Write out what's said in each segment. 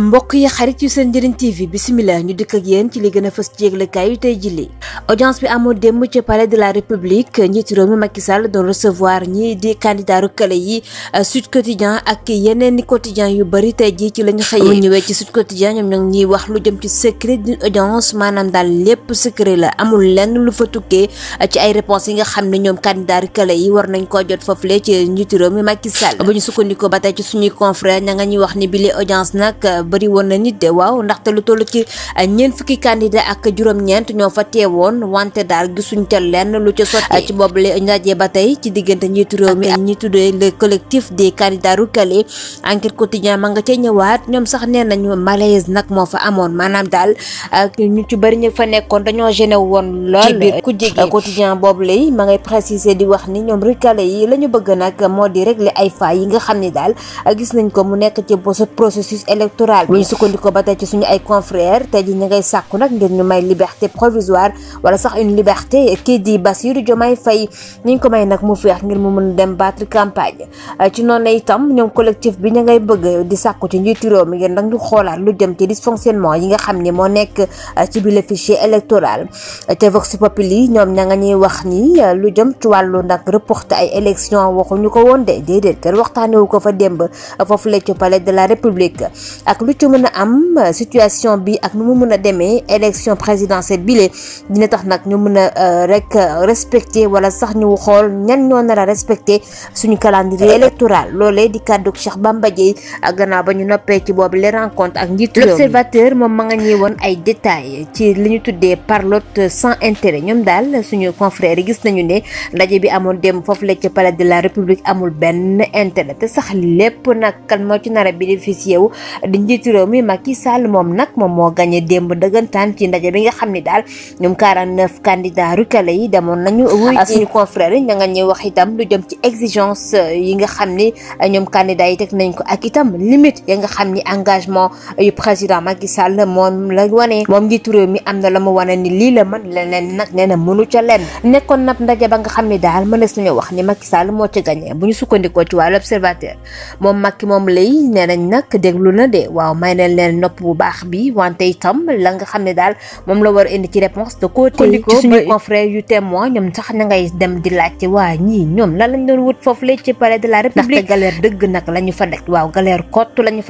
mbokk yi xarit yu seen njëriñ TV bisimilah ñu dikk ak yéen ci li gën a fës ci yëglekaay yu tey jili audience bi amoo démb ci palais de la république njiitu réew mi Macky Sall doon recevoir ñii di candidat rukale yi Sud Quotidien ak yeneen i quotidien yu bari tey ji ci la ñu xëyee mu ñëwee ci Sud Quotidien ñoom nag ñuy wax lu jëm ci secret d'une audience maanaam daal lépp secret la amul lenn lu fa tukkee ci ay réponses yi nga xam ne ñoom candidat rukale yi war nañ koo jot foofule ci njiitu ba tey ci suñuy confrère ña nga ñuy wax ni bile bëri woon na nit de waaw ndaxte lu toll ci eh, ñeent fukki candidat ak juróom-ñeent ñoo fa teewoon wante daal gisuñ ca lenn lu ca sotti eh. ci boobule ndaje ba tey ci diggante njiitu réew mi ak ñi tuddee le collectif des candidats recalés enquête quotidien ma nga ca ñëwaat ñoom sax nee nañu malaise nag moo fa amoon maanaam daal ñu ci bëri ñu fa nekkoon dañoo gêné woon lool ci biir ku eh, jege quotidien boobule ma ngay préciser di wax ni ñoom recalés yi la ñu bëgg nag moo di régler ay failles yi nga xam ni daal gis nañ ko mu nekk ci processus électoral électorale bu ñu sukkandikoo ba tey ci suñu ay confrères tey ji ñi ngay sàkku nag ngir ñu may liberté provisoire wala sax une liberté kii di Bassirou Diomaye Faye niñ ko may nag mu feex ngir mu mën dem battre campagne euh, ci noonu itam ñoom collectif bi ña ngay bëgg di sàkku ci njiitu réew mi ngeen nag ñu xoolaat lu jëm ci dysfonctionnement yi nga xam ne moo nekk euh, ci bi le fichier électoral te Vox Populi ñoom ña nga ñuy wax ni euh, lu jëm ci wàllu nag reporté ay élection waxuñu ko woon de déedéet waxtaane wu ko fa démb foofu la ci palais de la république ak lu ci am euh, situation bi ak nu mu mën élection présidentielle bile dina tax nak ñu euh, rek euh, respecté wala sax ñu xol ñan ñoo na a respecté suñu calendrier électoral l'olé di kàddu Cheikh Bamba Dièye gannaaw ba ñu noppé ci bobu les rencontres ak nit l'observateur mom ma nga ñi won ay détails ci li ñu parlotte sans intérêt ñom dal suñu confrères gis nañu né ndaje bi amoon dem foofu la palais de la république amul ben intérêt sax lépp nak kan ci nara bénéficié wu di njiitu réew mi Macky Sall moom nag moom moo gagné démb dëggantaan ci ndaje bi nga xam ne daal ñoom 49 candidat rukale yi demoon nañu wuy suñu confrère yi nga ñuy wax itam lu jëm ci exigence eh, yi nga xam ni ñoom eh, candidat yi teg nañ ko ak itam limite ya nga xam ni engagement eh, yu président Macky Sall moom la wane moom njiitu réew mi am na la mu wane ni lii la man leneen nag nee na mënu ca lenn nekkoon nag ndaje ba nga xam ne daal mënees nañu wax ni Macky Sall moo ci gagné bu ñu sukkandikoo ci wàllu observateur moom Macky moom lay nee nañ nag déglu na de waaw waaw may nañ leen nopp bu baax bi wante itam la nga xam ne daal moom la war a indi ci réponse de côté ci suñu confrère yu témoin ñoom sax na ngay dem di laajte waa ñii ñoom lan lañ wut foofu la ci palais de la république ndaxte galère dëgg nag la ñu fa daj waaw galère kott la ñu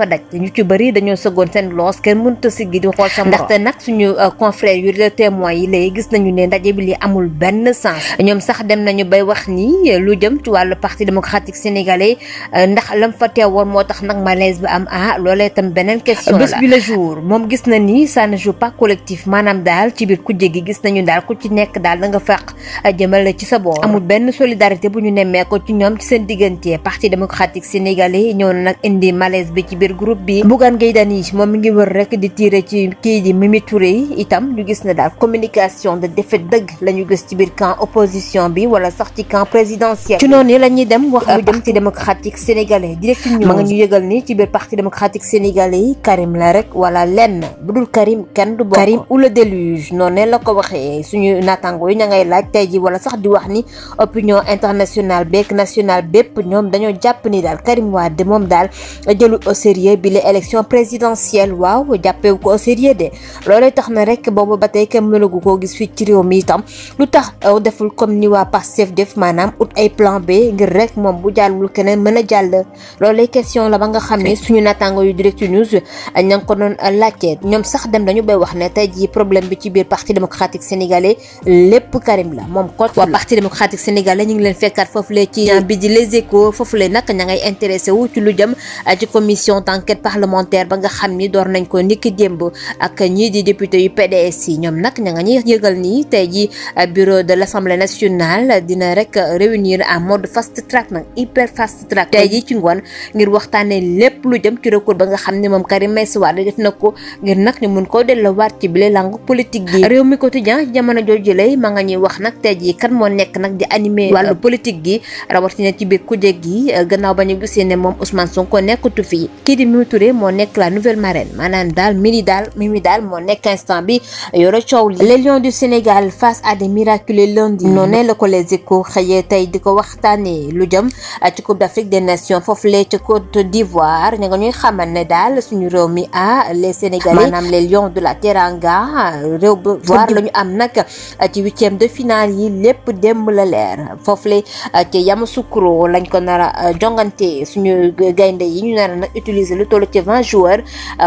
nag suñu euh, confrère yu témoin yi léegi gis nañu ne ndaje bi li amul benn sens ñoom sax dem nañu bay wax ni lu jëm ci wàllu parti démocratique sénégalais euh, ndax lam fa teewoon moo tax nag malaise bi am ah loolee tam beneen question la bés bi la jour moom gis na ni ça ne joue pas collectif maanaam daal ci biir kujje gi gis nañu daal ku ci nekk daal da nga fàq jëmale ci sa boor amul benn solidarité bu ñu nemmee ko ci ñoom ci seen diggante parti démocratique sénégalais ñëw na nag indi malaise bi ci biir groupe bi bugan Gueye Dany moom mi ngi wër rek di tiire ci kii di Mimi Touré itam ñu gis na daal communication de défaite dëgg la ñu gis ci biir camp opposition bi wala sax ci camp présidentiel ci noonu la ñuy dem wax euh, lu jëm ci démocratique sénégalais direct ñu ma nga ñu yëgal ni ci biir parti démocratique sénégalais sénégalais Karim la rek wala lenn budul Karim kenn du Karim ou le déluge noné la ko waxé suñu natango yi ña ngay laaj tey ji wala sax di wax ni opinion internationale beeg nationale bép ñom dañu japp ni dal Karim Wade mom dal jëlu au sérieux bi la élection présidentielle waaw jappé ko au sérieux de lolé tax na rek bobu batay tey kenn ko gis fi ci réew mi tam lutax euh, deful comme ni par chef def manam out ay plan B ngir rek mom bu jàllul keneen mën a jàll loolee question la ba nga xam suñu natango yu direct news ña ngi ko doon laajte ñoom sax dem dañu bay wax ne tey jii problème bi ci biir parti démocratique sénégalais lépp Karim la moom kot waa parti démocratique sénégalais ñu ngi leen fekkaat foofu le ci bi ngay intéressé ci lu jëm ci commission d'enquête parlementaire ba nga xam ni door nañ ko niki démb ak ñii di député yu PDS yi ñoom nag ña nga ñuy yëgal nii tey jii bureau de l'Assemblée nationale dina rek réunir en mode fast track nag hyper fast ne moom Karim Meïssa Wade def na ko ngir nag ñu mun koo delloowaat ci bile langue politique gi réew mi ma nga ñuy wax nag tey jii kan moo nekk nag di la nouvelle marraine maanaam la ko les di ko waxtaanee lu jëm ci Coupe d'Afrique des Nations foofu lee ci Côte d'Ivoire ña nga ñuy xamal ne daal le suñu réew mi ah, les sénégalais manam les lions de la teranga réew voir lañu 8 am nak ah, ci 8e de finale yi lépp dem la leer foofule ah, ci Yamoussoukro lañ ko nara jonganté jongante suñu gaynde yi ñu nara nak utiliser lu toll ci 20 joueurs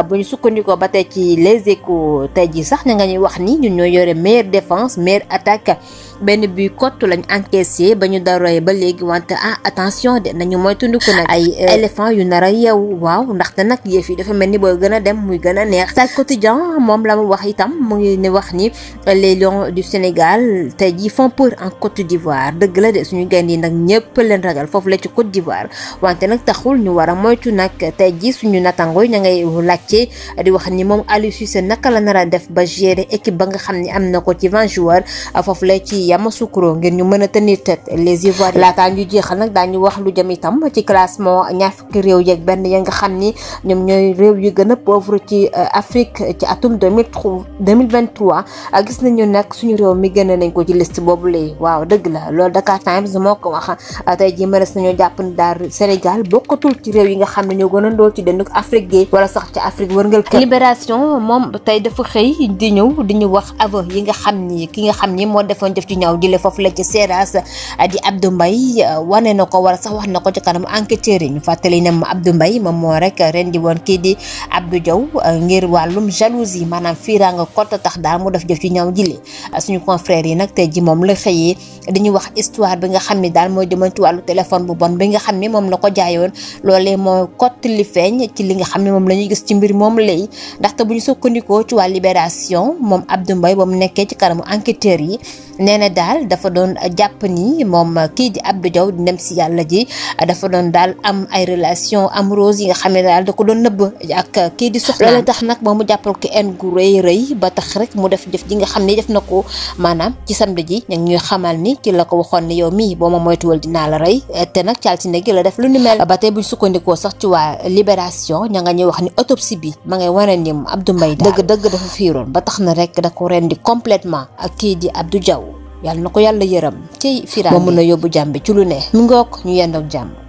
bu ñu batay ci les échos tey ji sax na nga wax ni ñun meilleure défense meilleure attaque benn bu kott lañ encaissé ba ñu daroy ba léegi wante ah attention de nañu moytandiku nag ay euh, éléphant yu nar a yeew waaw ndaxte nag yëf yi dafa mel ni boo gën a dem muy gën a neex sa quotidien moom la mu wax itam mu ngi ni wax ni euh, les du Sénégal tey jii font peur en Côte d'Ivoire dëgg la de suñu gaynde yi nag ñëpp leen ragal foofu la ci Côte d'Ivoire wante nag taxul ñu war a moytu nag tey jii suñu nattangoo ña ngay laajte di wax ni moom Aliou Cissé naka la nar a def ba gérer équipe ba nga xam ne am na ko ci vingt joueurs foofu la ci Yamoussoukro ngir ñu mën a tenir tête les Ivoiriens laataa ñu jeexal nag daañu wax lu jëm itam ci classement ñaar fukki réew yeeg benn ya nga xam ni ñoom ñooy a pauvre ci euh, Afrique ah, suñu réew mi gën nañ ko ci liste boobu lay waaw dëgg la loolu Dakar Times moo ko wax ah, tey a mënees nañoo jàpp ne daal Sénégal bokkatul ci réew yi nga xam ne ñoo gën a ndool ci dënduk Afrique gi wala sax ci Afrique wërngal kër libération moom tey dafa xëy yi nga xam ni ki ñaw jële foofu la ci Seras ah, di Abdou Mbaye ah, wane na ko wala sax wax na ko ci kanam enquêteurs yi ñu fàttali ne Abdou Mbaye moom moo rek ren di woon kii di Abdou Diaw ah, ngir wàllum jalousie maanaam fiiraanga kott tax daal mu def jëf ci ñaw jële suñu confrères nag tey ji moom la xëyee dañuy wax histoire bi nga xam ne daal moo jëmoon ci wàllu téléphone bu bon bi nga xam ne moom la ko jaayoon loolee moo kott li feeñ ci li nga xam ne moom la ñuy gis ci mbir moom lay ndaxte bu ñu sukkandikoo ci wàllu libération kanamu enquêteurs yi nee daal dafa doon jàpp ni moom kii di Abdou Diaw di dem si yàlla ji dafa doon daal am ay relation amoureuse yi nga xam ne daal da ko doon nëbb ak kii di soxna loolu tax nag moom mu jàppal ko en gu rëy rëy ba tax rek mu def jëf ji nga xam ne def na ko maanaam ci samedi ji ñu ngi ñuy xamal ni ki la ko waxoon ne yow mii boo ma moytuwal dinaa la rey te nag calcine gi la def lu ni mel ba tey buñ sukkandikoo sax ci waa ña nga ñuy wax ni autopsie bi ma ngay wane ni Abdou Mbaye daal dëgg dëgg dafa fiiroon ba tax na rek da ko rendi complètement ak kii di Abdou Diaw yàlla na ko yàlla yaram ci fira ba mun a yóbbu jàmm bi ci lu ne mu ngoog ñu yendoog jàmm